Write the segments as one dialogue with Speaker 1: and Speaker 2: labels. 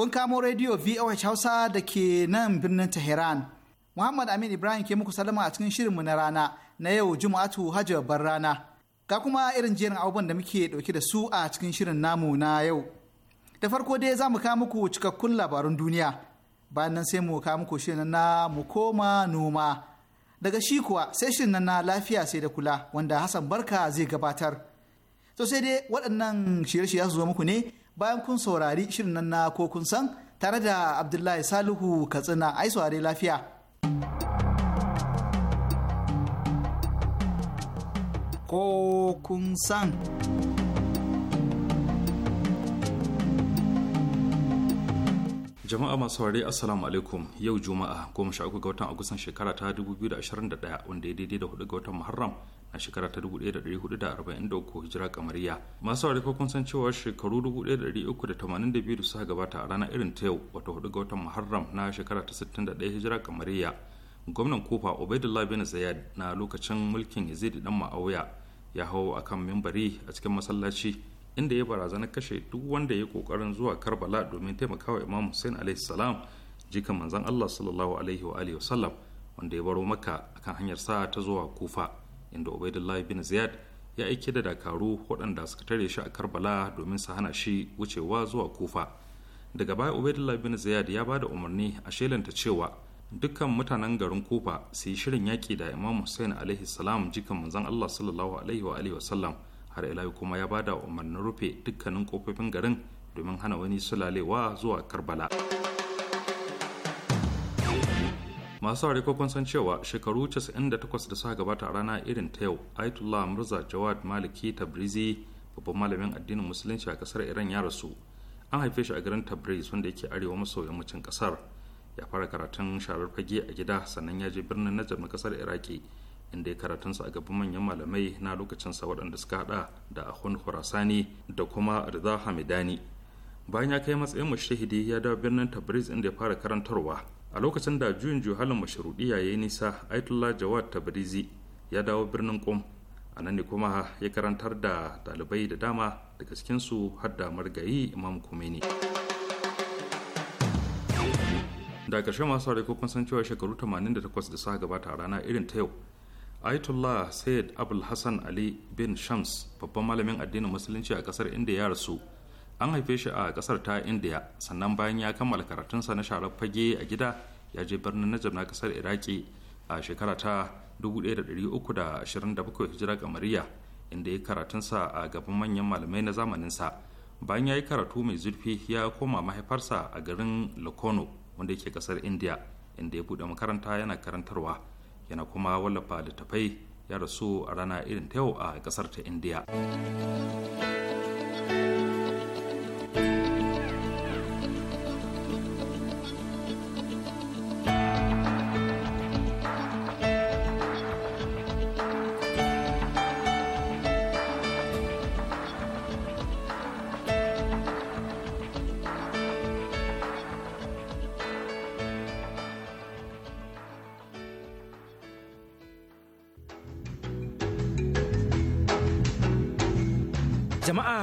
Speaker 1: kun kamo rediyo VOH Hausa da ke nan birnin Tehran. Muhammad Amin Ibrahim ke muku salama a cikin shirinmu na rana na yau Juma'atu Hajji babbar rana. Ga kuma irin jerin abubuwan da muke dauke da su a cikin shirin namu na yau. Da farko dai za mu kawo muku cikakkun labarun duniya. Bayan nan sai mu kawo muku shirin na mu koma noma. Daga shi kuwa sai shirin na lafiya sai da kula wanda Hassan Barka zai gabatar. To sai dai waɗannan shirye-shirye su zo muku ne bayan kun saurari shirin nan na ko kun san tare da Abdullahi Salihu Katsina ai saurari lafiya. Ko kun san.
Speaker 2: jama'a masu saurari assalamu alaikum yau juma'a goma sha uku ga watan agustan shekara ta 2021 wanda ya daidai da hudu ga watan muharram na shekara ta 1443 hijira kamariya masu saurari ko kun san cewa shekaru 1382 da suka gabata a ranar irin ta yau wata hudu ga watan muharram na shekara ta 61 hijira kamariya gwamnan kofa ubaidullah bin zayad na lokacin mulkin yazid dan ma'auya ya hau akan mimbari a cikin masallaci inda ya barazana kashe duk wanda ya kokarin zuwa karbala domin taimakawa imam hussein alaihi salam jikan manzon allah sallallahu alaihi wa alihi wasallam wanda ya baro maka akan hanyar sa ta zuwa kufa inda ubaidullahi bin ziyad ya aike da dakaru waɗanda suka tare shi a karbala domin su hana shi wucewa zuwa kufa daga baya ubaidullahi bin ziyad ya ba da umarni a shelanta cewa dukkan mutanen garin kufa su yi shirin yaƙi da imam hussein alaihi salam jikan manzon allah sallallahu alaihi wa alihi wasallam har ila kuma ya bada umarnin rufe dukkanin kofofin garin domin hana wani sulalewa zuwa karbala masu harikokon san cewa shekaru 98 da suka gabata a rana irin ta yau ayatollah murza jawad maliki tabrizi babban malamin addinin musulunci a kasar iran ya rasu an haife shi a garin tabriz wanda yake arewa maso yammacin kasar ya fara karatun sharar fage a gida sannan ya je birnin najar na kasar iraki inda ya karatunsa a gaban manyan malamai na lokacinsa waɗanda suka hada da ahun khurasani da kuma rida hamidani bayan ya kai matsayin mashahidi ya dawo birnin tabriz inda ya fara karantarwa a lokacin da juyin juhalin mashruɗiya ya yi nisa aitullah jawad tabrizi ya dawo birnin qom a nan ne kuma ya karantar da ɗalibai da dama daga cikinsu har da margayi imam kumeni da ƙarshe masu ko kun san cewa shekaru 88 da suka gabata a rana irin ta yau Ayatollah said Abul Hassan Ali bin Shams babban malamin addinin musulunci a kasar indiya ya rasu an haife shi a kasar ta indiya sannan bayan ya kammala karatunsa na sharar fage a gida ya je birnin najab na kasar iraki a shekara ta 1327 hijira kamariya inda ya karatunsa a gaban manyan malamai na zamanin sa bayan ya yi karatu mai zurfi ya koma mahaifarsa a garin lokono wanda yake kasar indiya inda ya buɗe makaranta yana karantarwa yana kuma wallafa littattafai ya rasu a rana irin ta yau a kasar ta indiya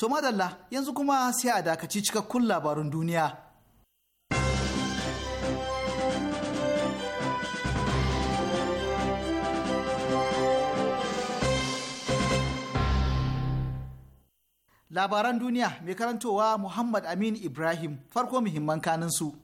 Speaker 1: To madalla yanzu kuma sai a dakaci cikakkun labarun duniya. Labaran duniya mai karantowa Muhammad Amin Ibrahim farko muhimman kaninsu.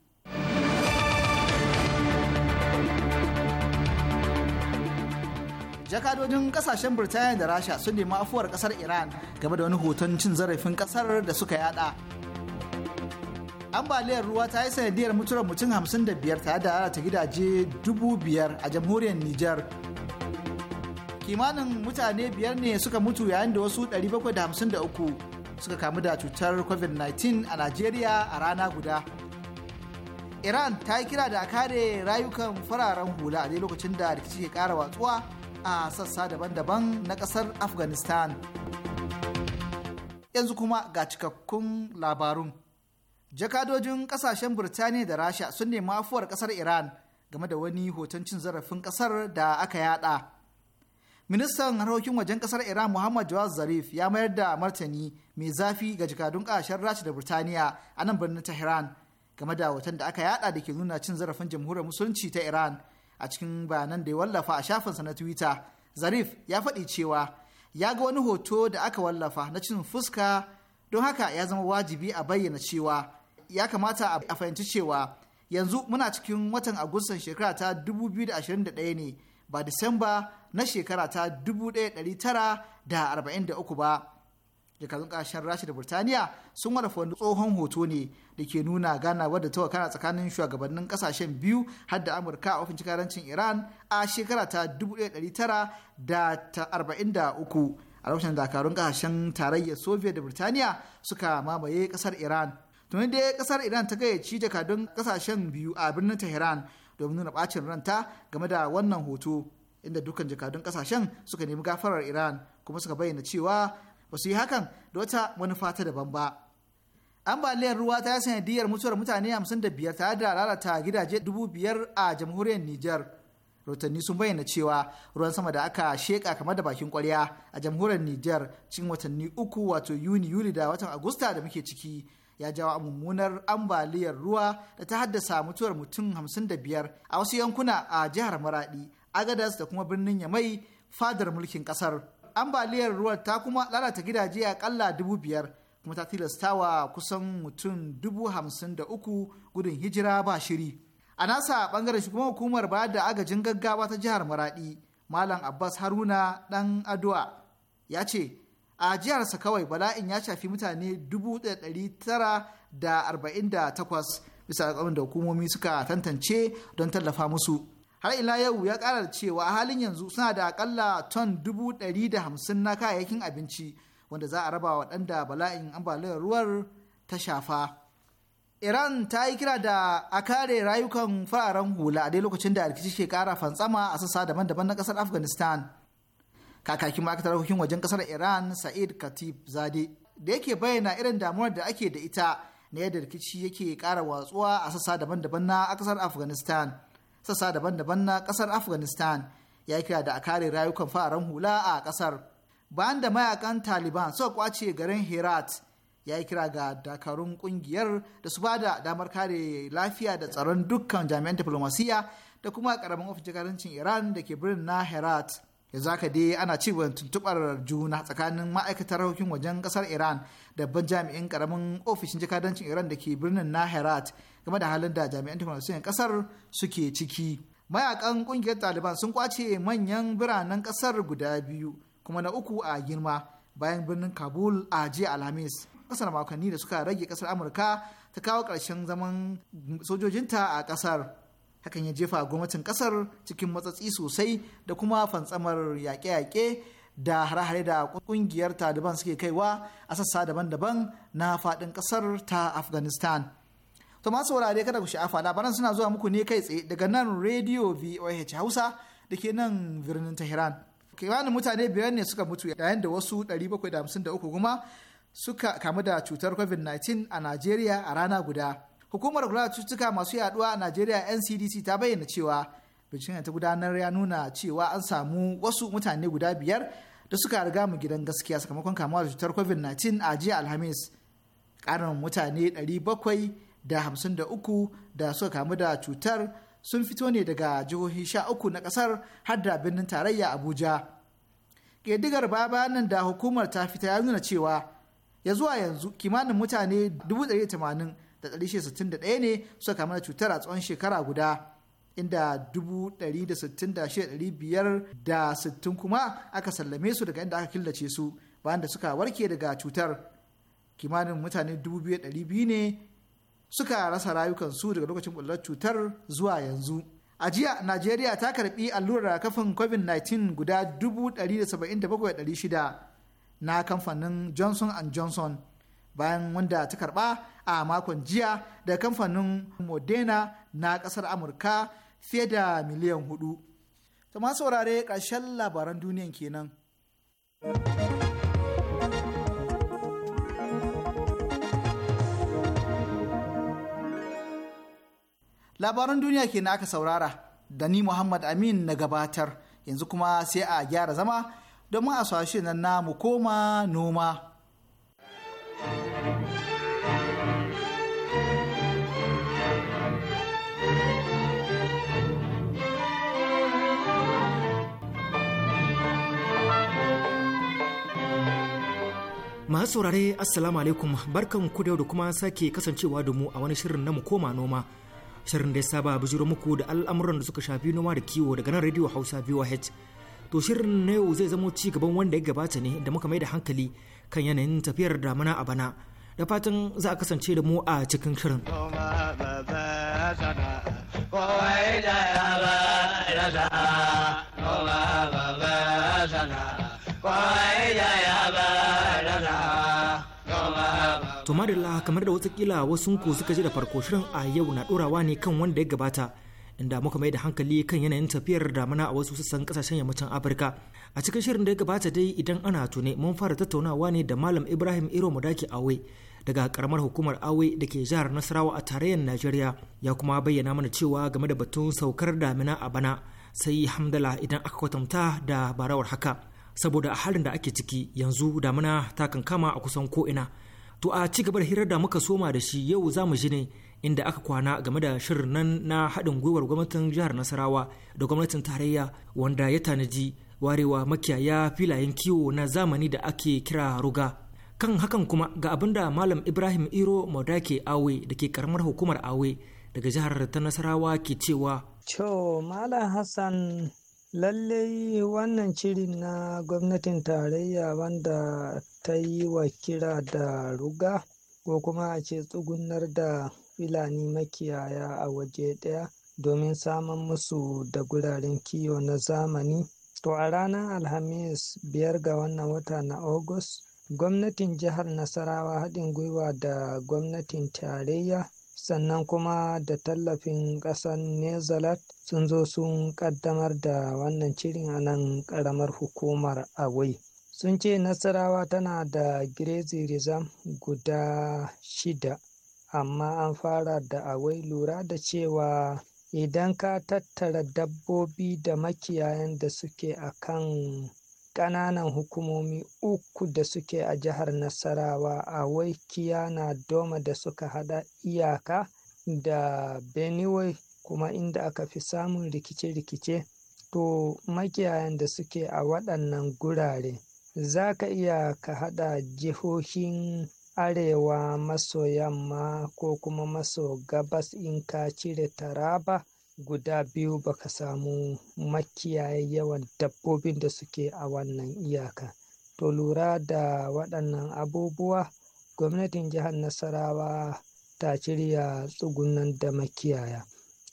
Speaker 1: jakadojin kasashen birtaniya da rasha sun nemi afuwar kasar iran game da wani hoton cin zarafin kasar da suka yada ambaliyar ruwa ta yi sanadiyar mutuwar mutum 55 tare da lalata gidaje biyar a jamhuriyar niger kimanin mutane biyar ne suka mutu yayin da wasu ɗari 753 suka kamu da cutar covid-19 a najeriya a rana guda iran ta yi kira da kare rayukan fararen hula a lokacin da rikici ke kara watsuwa a sassa daban-daban na ƙasar afghanistan yanzu kuma ga cikakkun labarun jakadojin kasashen birtaniya da rasha sun nemi afuwar ƙasar iran game da wani hoton cin zarafin ƙasar da aka yada ministan harkokin wajen ƙasar iran muhammad jawaz zarif ya mayar da martani mai zafi ga jakadun ƙasashen rasha da birtaniya a nan birnin tehran game da hoton da aka yada da ke nuna cin zarafin jamhuriyar musulunci ta iran a cikin bayanan da ya wallafa a shafinsa na twitter zarif ya faɗi cewa ya ga wani hoto da aka wallafa na cin fuska don haka ya zama wajibi a bayyana cewa ya kamata a fahimci cewa yanzu muna cikin watan agustan shekara ta 2021 ne ba disamba na shekara ta 1943 ba jakadun kasashen rasha da burtaniya sun wadafa wani tsohon hoto ne da ke nuna gana wadda ta wakana tsakanin shugabannin kasashen biyu har da amurka a ofin karancin iran a shekara ta 1943 a lokacin dakarun kasashen tarayyar soviet da burtaniya suka mamaye kasar iran tuni dai kasar iran ta gayyaci jakadun kasashen biyu a birnin tehran domin nuna bacin ranta game da wannan hoto inda dukkan jakadun kasashen suka nemi gafarar iran kuma suka bayyana cewa ba su yi hakan da wata manufa ta daban ba ambaliyar ruwa ta yi sanadiyar mutuwar mutane 55 tare da lalata gidaje 5,000 a jamhuriyar niger. Rotanni sun bayyana cewa ruwan sama da aka sheka kamar da bakin kwarya a jamhuriyar niger cikin watanni uku wato Yuni Yuli da watan Agusta da muke ciki ya jawo mummunar ambaliyar ruwa da ta haddasa mutuwar mutum 55 a wasu yankuna a jihar Maradi, Agadas da kuma birnin Yamai fadar mulkin ƙasar. ambaliyar ruwan ta kuma lalata gidaje a akalla dubu biyar kuma ta tilastawa kusan mutum dubu hamsin da uku gudun hijira ba shiri a nasa bangaren shugaban hukumar ba da agajin gaggawa ta jihar maradi malam abbas haruna dan adua ya ce a jiharsa kawai bala'in ya shafi mutane dubu tara da arba'in da takwas bisa da hukumomi suka tantance don tallafa musu har ila yau ya ƙara cewa a halin yanzu suna da akalla ton dubu ɗari da hamsin na kayayyakin abinci wanda za a raba wa ɗanda bala'in ambaliyar ruwar ta shafa. Iran ta yi kira da a kare rayukan fararen hula a dai lokacin da rikici ke kara fantsama a sassa daban-daban na kasar Afghanistan. Kakakin ma'aikatar harkokin wajen kasar Iran Sa'id Khatib Zade da yake bayyana irin damuwar da ake da ita na yadda rikici yake kara watsuwa a sassa daban-daban na kasar Afghanistan. sassa daban-daban na kasar afghanistan ya kira da a kare rayukan fararen hula a kasar bayan da mayakan taliban suka kwace garin herat ya yi kira ga dakarun kungiyar da su bada damar kare lafiya da tsaron dukkan jami'an diplomasiya da kuma karamin ofishin iran da ke birnin na herat da zaka dai ana ci tuntubar juna tsakanin ma'aikatar harkokin wajen kasar iran da babban jami'in karamin ofishin jakadancin iran da ke birnin naherat game da halin da jami'an diflomasiyyar kasar suke ciki mayakan kungiyar taliban sun kwace manyan biranen kasar guda biyu kuma na uku a girma bayan birnin kabul a jiya alhamis kasar makonni da suka rage kasar amurka ta kawo ƙarshen zaman sojojinta a kasar hakan ya jefa gwamnatin kasar cikin matsatsi sosai da kuma fantsamar yaƙe-yaƙe da hare-hare da ƙungiyar taliban suke kaiwa a sassa daban-daban na faɗin ƙasar ta afghanistan to masu wurare kada ku sha'afa labaran suna zuwa muku ne kai tsaye daga nan rediyo voh hausa da ke nan birnin tehran kimanin mutane biyar ne suka mutu yayin da wasu 753 kuma suka kamu da cutar covid-19 a najeriya a rana guda hukumar kula da cututtuka masu yaduwa a najeriya ncdc ta bayyana cewa binciken ta gudanar ya nuna cewa an samu wasu mutane guda biyar da suka riga mu gidan gaskiya sakamakon kamuwa da cutar covid-19 a jiya alhamis karin mutane 753 da suka kamu da cutar sun fito ne daga jihohi sha uku na kasar har da birnin tarayya abuja ƙididdigar baba nan da hukumar ta fita ya nuna cewa ya zuwa yanzu kimanin mutane 180 da 161 ne suka kama da cutar a tsawon shekara guda inda sittin kuma aka sallame su daga inda aka killace su bayan da suka warke daga cutar kimanin mutane 2,200 ne suka rasa rayukansu daga lokacin bullar cutar zuwa yanzu. A jiya, Najeriya ta karbi allurar kafin COVID-19 guda 177,600 na kamfanin Johnson Johnson. bayan wanda ta karba a makon jiya da kamfanin modena na kasar amurka fiye da miliyan hudu ta masu saurare ƙarshen labaran duniyan kenan labaran duniya kenan aka saurara da ni muhammad amin na gabatar yanzu kuma sai a gyara zama domin a nan na mu koma noma
Speaker 3: Masu saurare Assalamu alaikum barkan ku da kuma sake kasancewa da mu a wani shirin na mu koma noma. Shirin da ya saba bijiro muku da al'amuran da suka shafi noma da kiwo daga nan Radio Hausa VOH. To shirin na yau zai zamo ci gaban wanda ya gabata ne da muka mai da hankali kan yanayin tafiyar damana a bana. Da fatan za a kasance da mu a cikin shirin. Kowa To madalla kamar da watakila wasu ku suka ji da farko shirin a yau na ɗorawa ne kan wanda ya gabata inda muka mai da hankali kan yanayin tafiyar damana a wasu sassan kasashen yammacin Afirka. A cikin shirin da ya gabata dai idan ana tune mun fara tattaunawa ne da Malam Ibrahim Iro Mudaki Awe daga karamar hukumar Awe da ke jihar Nasarawa a tarayyar Najeriya ya kuma bayyana mana cewa game da batun saukar damina a bana sai hamdala idan aka kwatanta da barawar haka. saboda a halin da ake ciki yanzu damina ta kankama a kusan ko'ina to a ci gaba da hirar da muka soma da shi yau za mu ji ne inda aka kwana game da shirin nan na haɗin gwiwar gwamnatin jihar nasarawa da gwamnatin tarayya wanda ya tanaji warewa makiyaya filayen kiwo na zamani da ake kira ruga kan hakan kuma ga abin da malam ibrahim iro maudake awe da ke karamar hukumar awe daga jihar ta nasarawa ke cewa.
Speaker 4: Cho Malam Hassan lallai wannan shirin na gwamnatin tarayya wanda ta yi wa kira da ruga ko kuma a ce tsugunar da filani makiyaya a waje ɗaya domin samun musu da guraren kiwo na zamani to a ranar alhamis biyar ga wannan wata na agus gwamnatin jihar nasarawa haɗin gwiwa da gwamnatin tarayya sannan kuma da tallafin ƙasar Nezalat sun zo sun ƙaddamar da wannan shirin a nan ƙaramar hukumar Awai. Sun ce Nasarawa tana da Grazi Rizam guda shida, amma an fara da Awai lura da cewa idan ka tattara dabbobi da makiyayan da suke a kan ƙananan hukumomi uku da suke a jihar Nasarawa a Waikiyana Doma da suka haɗa iyaka da Benue kuma inda aka fi samun rikice-rikice to makiyayan da suke a waɗannan gurare za ka iya ka haɗa jihohin arewa maso yamma ko kuma maso gabas in ka cire taraba guda biyu baka samu makiyaye yawan dabbobin da suke a wannan iyaka to lura da waɗannan abubuwa gwamnatin jihar nasarawa ta shirya tsugunan da makiyaya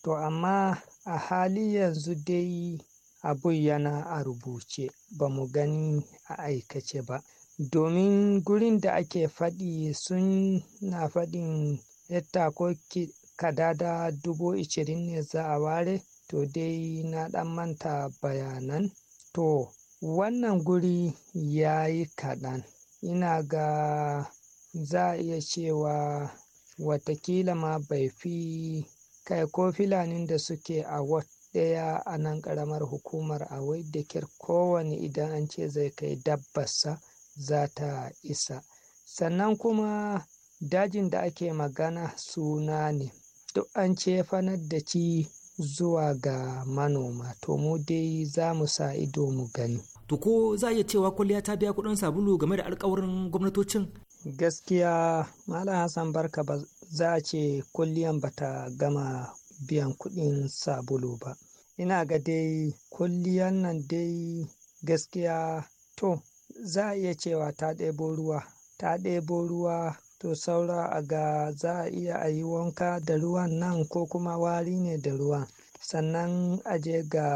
Speaker 4: to amma a hali yanzu dai abun yana a rubuce ba mu gani a aikace ba domin gurin da ake faɗi sun na faɗin yattakoki kadada dubu ishirin ne za a ware to dai na ɗan manta bayanan to wannan guri ya yi kaɗan ina ga za a iya cewa watakila ma bai fi kai ko filanin da suke a wat ɗaya a nan ƙaramar hukumar a wai da kyar kowane idan an ce zai kai dabbarsa za ta isa sannan kuma dajin da ake magana suna ne duk an cefanar da ci zuwa ga manoma to mu dai za mu sa ido mu gani to ko
Speaker 3: za iya cewa kwalliya ta biya kuɗin sabulu
Speaker 4: game da alkawarin gwamnatocin gaskiya malam hassan barka ba za a ce kulliyan ba ta gama biyan kuɗin sabulu ba ina ga dai kulliyan nan dai gaskiya to za a iya cewa ta ɗebo ruwa ta ɗebo ruwa to saura a ga za a iya a yi wanka da ruwan nan ko kuma wari ne da ruwa, sannan a je ga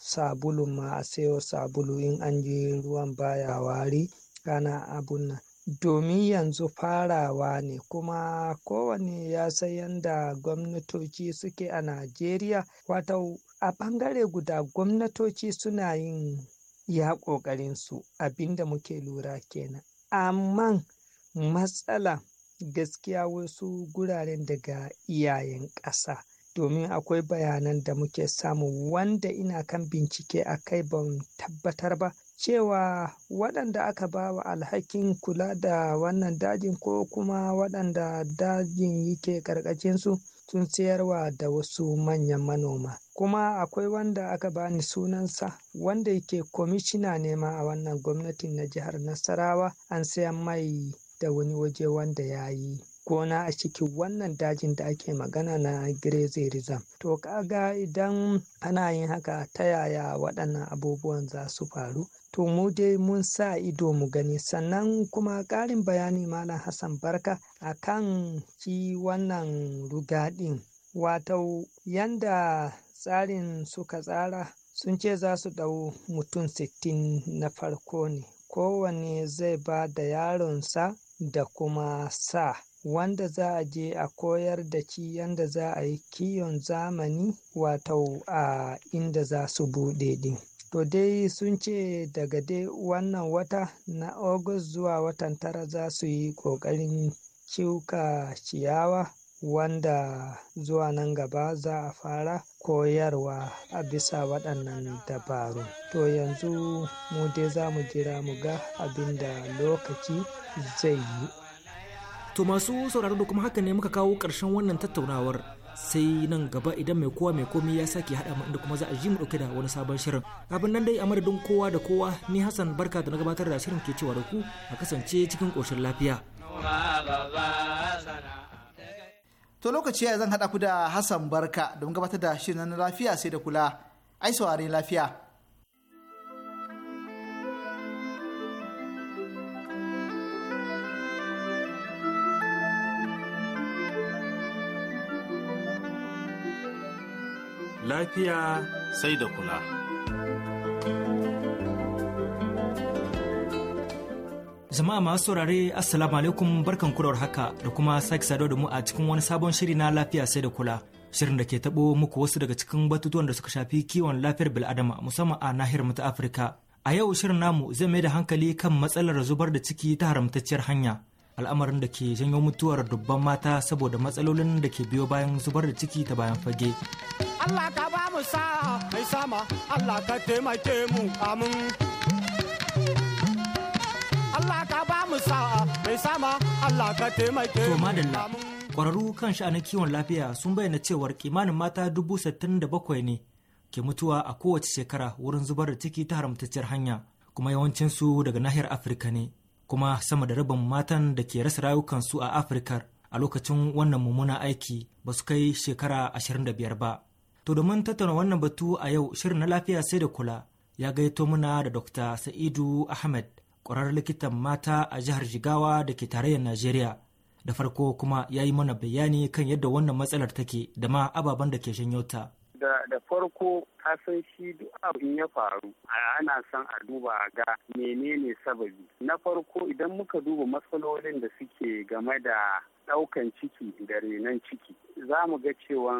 Speaker 4: sabulu ma a sayo sabulu in an ji ruwan baya wari kana abun nan domin yanzu farawa ne kuma kowane ya san yadda gwamnatoci suke a najeriya wato a ɓangare guda gwamnatoci suna yin ya ƙoƙarinsu abinda muke lura kenan amman matsala gaskiya wasu guraren daga iyayen ƙasa domin akwai bayanan da muke samu wanda ina kan bincike a kai ban tabbatar ba cewa waɗanda aka ba wa alhakin kula da wannan dajin ko kuma waɗanda dajin yake ƙarƙashinsu sun sayarwa da wasu manyan manoma kuma akwai wanda aka bani sunansa wanda yake kwamishina nema a wannan gwamnatin na jihar nasarawa an sayan mai da wani waje wanda ya yi gona a cikin wannan dajin da ake magana na grazing reserve to kaga idan ana yin haka ta yaya waɗannan abubuwan za su faru to mu dai mun sa ido mu gani sannan kuma ƙarin bayani malam hassan barka a kan shi wannan rugaɗin wato yanda tsarin suka tsara sun ce za su ɗau mutum sittin na farko ne kowanne zai ba da yaronsa da kuma sa wanda za a je a koyar da shi yanda za a yi kiyon zamani wato a inda za su buɗe din to dai sun ce daga dai wannan wata na august zuwa watan tara za su yi ƙoƙarin shuka ciyawa wanda zuwa nan gaba za a fara koyarwa a bisa waɗannan dabaru To yanzu mu dai za mu jira mu ga abin da lokaci zai yi. To masu sauraro da kuma haka ne muka kawo
Speaker 3: ƙarshen wannan tattaunawar sai nan gaba idan mai kowa mai komi ya sake haɗa mu inda kuma za a ji mu ɗauke da wani sabon shirin. Abin nan dai a madadin kowa da kowa ni Hassan barka da na gabatar da shirin ke cewa da ku
Speaker 1: a kasance cikin koshin lafiya. To lokaci ya zan haɗa ku da Hassan Barka don gabatar da shirin na lafiya sai da kula. Ai saurari lafiya.
Speaker 2: Lafiya sai da kula.
Speaker 3: Jama'a masu saurare Assalamu alaikum barkan kudawar haka da kuma sake saduwa da mu a cikin wani sabon shiri na lafiya sai da kula. Shirin da ke taɓo muku wasu daga cikin batutuwan da suka shafi kiwon lafiyar bil'adama musamman a nahiyar mu ta Afirka. A yau shirin namu zai mai da hankali kan matsalar zubar da ciki ta haramtacciyar hanya. Al'amarin da ke janyo mutuwar dubban mata saboda matsalolin da ke biyo bayan zubar da ciki ta bayan fage.
Speaker 5: Allah ka ba mu sa'a mai sama
Speaker 3: Allah ka taimake mu amin. Allah ka taimake mu. madalla. Kwararru kan sha'anin kiwon lafiya sun bayyana cewar kimanin mata dubu sittin da bakwai ne ke mutuwa a kowace shekara wurin zubar da ciki ta haramtacciyar hanya kuma yawancin su daga nahiyar Afirka ne. Kuma sama da rabin matan da ke rasa rayukansu a Afirka a lokacin wannan mummunan aiki ba su kai shekara ashirin da biyar ba. To domin tattauna wannan batu a yau shirin na lafiya sai da kula ya gaito muna da Dr. Sa'idu Ahmed ƙwarar likitan mata a jihar Jigawa da ke tarayyar Najeriya. Da farko kuma ya yi mana bayani kan yadda wannan matsalar take da ma ababen da ke janyo ta.
Speaker 5: da farko kasan shi duk abin ya faru ana son a duba ga menene sababi na farko idan muka duba matsalolin da suke game da ɗaukan ciki da renon ciki za mu ga cewa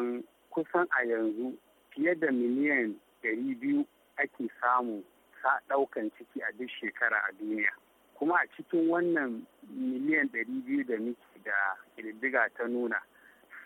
Speaker 5: kusan a yanzu fiye da miliyan 200 ake samu marasa ɗaukan ciki a duk shekara a duniya kuma a cikin wannan miliyan biyu da muke da ƙididdiga ta nuna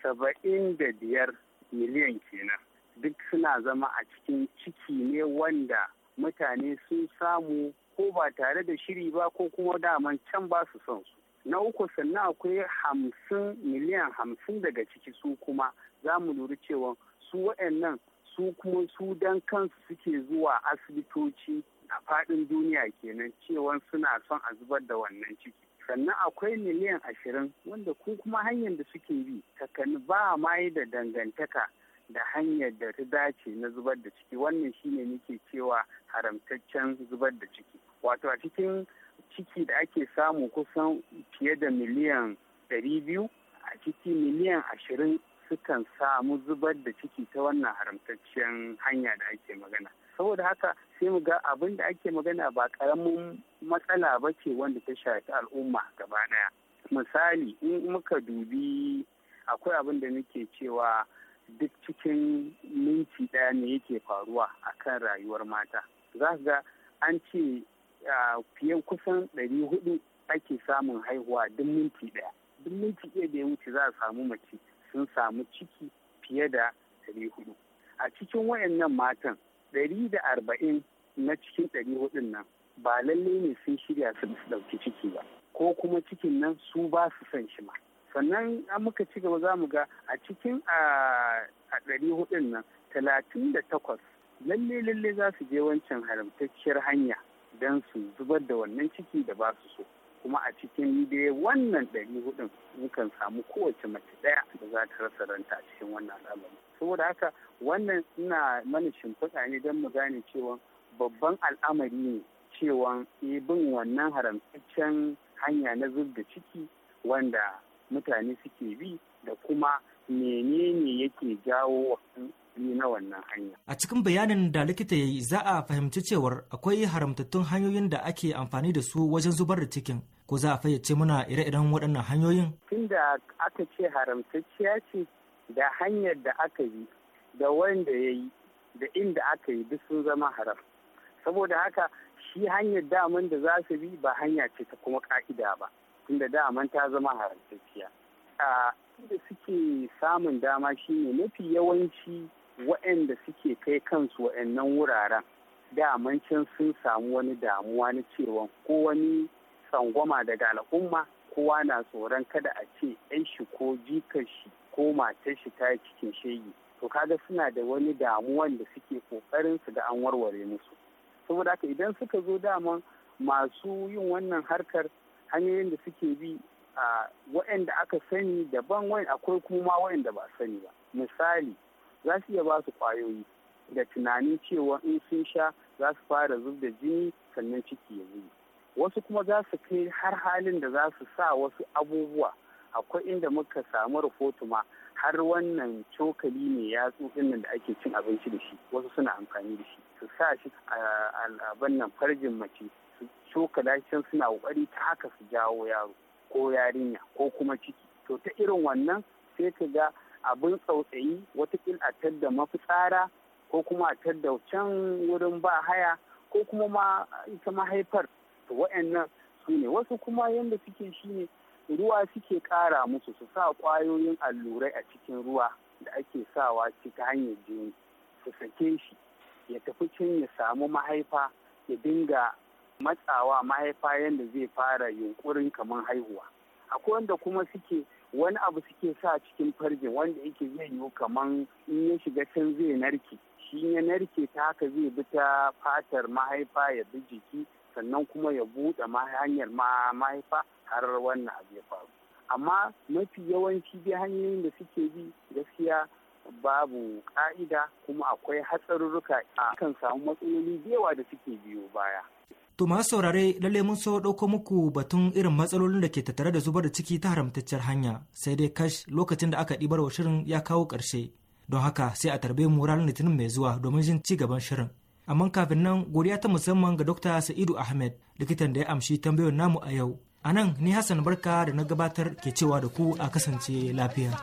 Speaker 5: saba'in da biyar miliyan kenan duk suna zama a cikin ciki ne wanda mutane sun samu ko ba tare da shiri ba ko kuma daman can ba su son su na uku sannan akwai hamsin miliyan hamsin daga ciki su kuma za mu lura cewa su waɗannan su kuma su dan kansu suke zuwa asibitoci a faɗin duniya kenan cewa suna son a zubar da wannan ciki sannan akwai miliyan ashirin wanda ko kuma hanyar da suke bi takani ba ma da dangantaka da hanyar da ta dace na zubar da ciki wannan shine nake cewa haramtaccen zubar da ciki wato a cikin ciki da ake samu kusan fiye da miliyan ɗari biyu a ciki miliyan ashirin sukan samu zubar da ciki ta wannan haramtaccen hanya da ake magana saboda haka sai mu ga abin da ake magana ba karamin matsala ba ce wanda ta shafi al'umma gaba daya misali in muka dubi akwai abin da muke cewa duk cikin minti daya ne yake faruwa akan rayuwar mata za ga an ce fiye kusan ɗari 400 ake samun haihuwa duk minti daya duk minti ɗaya da ya wuce za a samu mace sun samu ciki fiye da 400 a cikin wayannan matan 140 na cikin 400 nan ba lalle ne sun shirya su ɗauki ciki ba ko kuma cikin nan su ba su son shi ma sannan an muka ci gaba za mu ga a cikin a 400 nan talatin da takwas lalle lalle za su je wancan haramtacciyar hanya don su zubar da wannan ciki da ba su so kuma a cikin dai wannan ɗari hudun mukan samu kowace mace ɗaya da za ta rasa ranta a cikin wannan al'amari saboda haka wannan ina mana shimfiɗa ne don mu gane cewa babban al'amari ne cewa eh, bin wannan haramtaccen hanya na zub da ciki wanda mutane suke bi da kuma menene yake jawo na wannan hanya.
Speaker 3: A cikin bayanin da likita ya yi za a fahimci cewar akwai haramtattun hanyoyin da ake amfani da su wajen zubar da cikin. Ko za a fayyace muna ire-iren waɗannan hanyoyin?
Speaker 5: Tun da aka ce haramtacciya ce da hanyar da aka yi da wanda ya yi da inda aka yi duk sun zama haram. Saboda haka shi hanyar daman da za su bi ba hanya ce ta kuma ka'ida ba. Tunda daman ta zama haramtacciya. da suke samun dama shine mafi yawanci waɗanda suke kai kansu waɗannan wuraren daman can sun samu wani damuwa na cewa ko wani tsangwama daga al'umma kowa na tsoron kada a ce ɗan shi ko jikar shi ko matar shi ta cikin shege to kaga suna da wani damuwan da suke kokarin su da an warware musu saboda haka idan suka zo dama masu yin wannan harkar hanyoyin da suke bi a waɗanda aka sani daban akwai kuma waɗanda ba sani ba misali za su iya ba su kwayoyi da tunanin cewa in sun sha za su fara zub da jini sannan ciki ya zuyi wasu kuma za su kai har halin da za su sa wasu abubuwa akwai inda muka samu rahoto ma har wannan cokali ne ya nan da ake cin abinci da shi wasu suna amfani da shi su sa shi a bannan farjin mace su cokala can suna kokari ta haka su jawo yaro ko yarinya ko kuma ciki to ta irin wannan sai ka ga abin tsautsayi watakila a tadda mafitsara ko kuma a tadda can wurin ba haya ko kuma ma ita mahaifar to wa'annan su ne wasu kuma yadda suke shine ruwa suke ƙara musu su sa ƙwayoyin allurai a cikin ruwa da ake sawa cikin hanyar jini su sake shi ya tafi can ya samu mahaifa ya dinga matsawa mahaifa yadda zai fara yunkurin kamar haihuwa akwai wanda kuma suke wani abu suke sa cikin farjin wanda yake zai yiwu kaman in ya shiga can zai narke shi ya narke ta haka zai bi ta fatar mahaifa ya bi jiki sannan kuma ya buɗe hanyar mahaifa har wannan abu ya faru amma mafi yawanci dai hanyoyin da suke bi gaskiya babu ka'ida kuma akwai hatsarurruka a kan samu matsaloli da yawa da suke biyo baya
Speaker 3: To masu saurare lalle mun so ɗauko muku batun irin matsalolin da ke tattare da zubar da ciki ta haramtacciyar hanya sai dai kash lokacin da aka ɗibar wa shirin ya kawo ƙarshe. Don haka sai a tarbe mu ranar litinin mai zuwa domin jin ci gaban shirin. Amma kafin nan godiya ta musamman ga Dokta Sa'idu Ahmed likitan da ya amshi tambayar namu a yau. A nan ni Hassan Barka da na gabatar ke cewa da ku a kasance lafiya.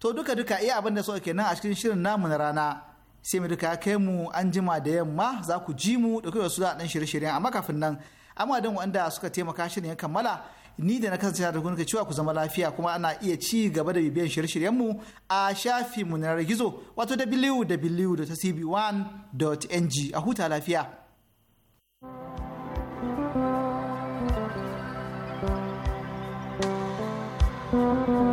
Speaker 1: To duka duka iya abin da so kenan a cikin shirin namu na rana sai mu duka kai mu an jima da yamma za ku ji mu da kai wasu da shirye-shiryen amma kafin nan amma don wanda suka taimaka ne ya kammala ni da na kasance da kuka cewa ku zama lafiya kuma ana iya ci gaba da bibiyan shirye-shiryen mu a shafi mu na gizo wato www.cb1.ng a huta lafiya.
Speaker 6: thank you